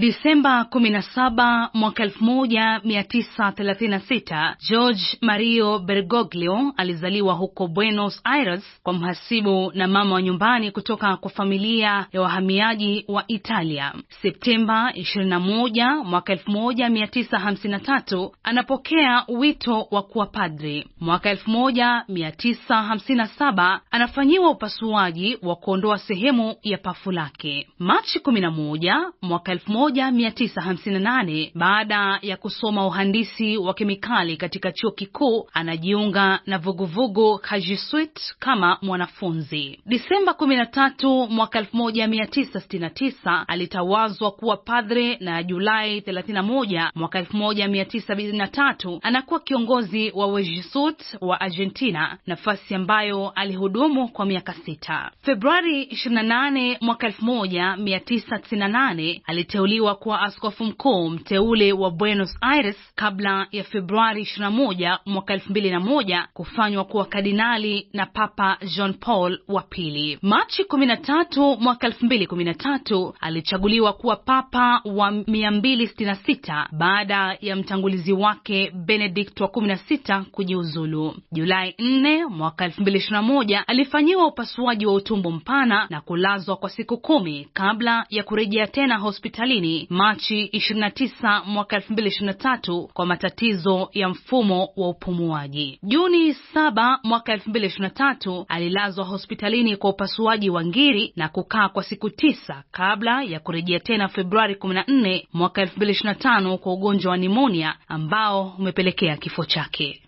Disemba 17 mwaka 1936, George Mario Bergoglio alizaliwa huko Buenos Aires kwa mhasibu na mama wa nyumbani kutoka kwa familia ya wahamiaji wa Italia. Septemba 21 mwaka 1953, anapokea wito wa kuwa padri. Mwaka 1957 anafanyiwa upasuaji wa kuondoa sehemu ya pafu lake. Machi 11 mwaka 1958 baada ya kusoma uhandisi wa kemikali katika chuo kikuu anajiunga na vuguvugu Kajisuit kama mwanafunzi. Disemba 13 mwaka 1969 alitawazwa kuwa padre na Julai 31 mwaka 1973 anakuwa kiongozi wa Wejisuit wa Argentina, nafasi ambayo alihudumu kwa miaka sita. Februari 28 mwaka 1998 aliteuliwa kuteuliwa kuwa askofu mkuu mteule wa Buenos Aires kabla ya Februari 21 mwaka 2001 kufanywa kuwa kardinali na Papa John Paul wa pili. Machi 13 mwaka 2013 alichaguliwa kuwa papa wa 266 baada ya mtangulizi wake Benedict wa 16 kujiuzulu. Julai 4 mwaka 2021 alifanyiwa upasuaji wa utumbo mpana na kulazwa kwa siku kumi kabla ya kurejea tena hospitali Kusini Machi 29 mwaka 2023 kwa matatizo ya mfumo wa upumuaji. Juni 7 mwaka 2023 alilazwa hospitalini kwa upasuaji wa ngiri na kukaa kwa siku tisa kabla ya kurejea tena Februari 14 mwaka 2025 kwa ugonjwa wa nimonia ambao umepelekea kifo chake.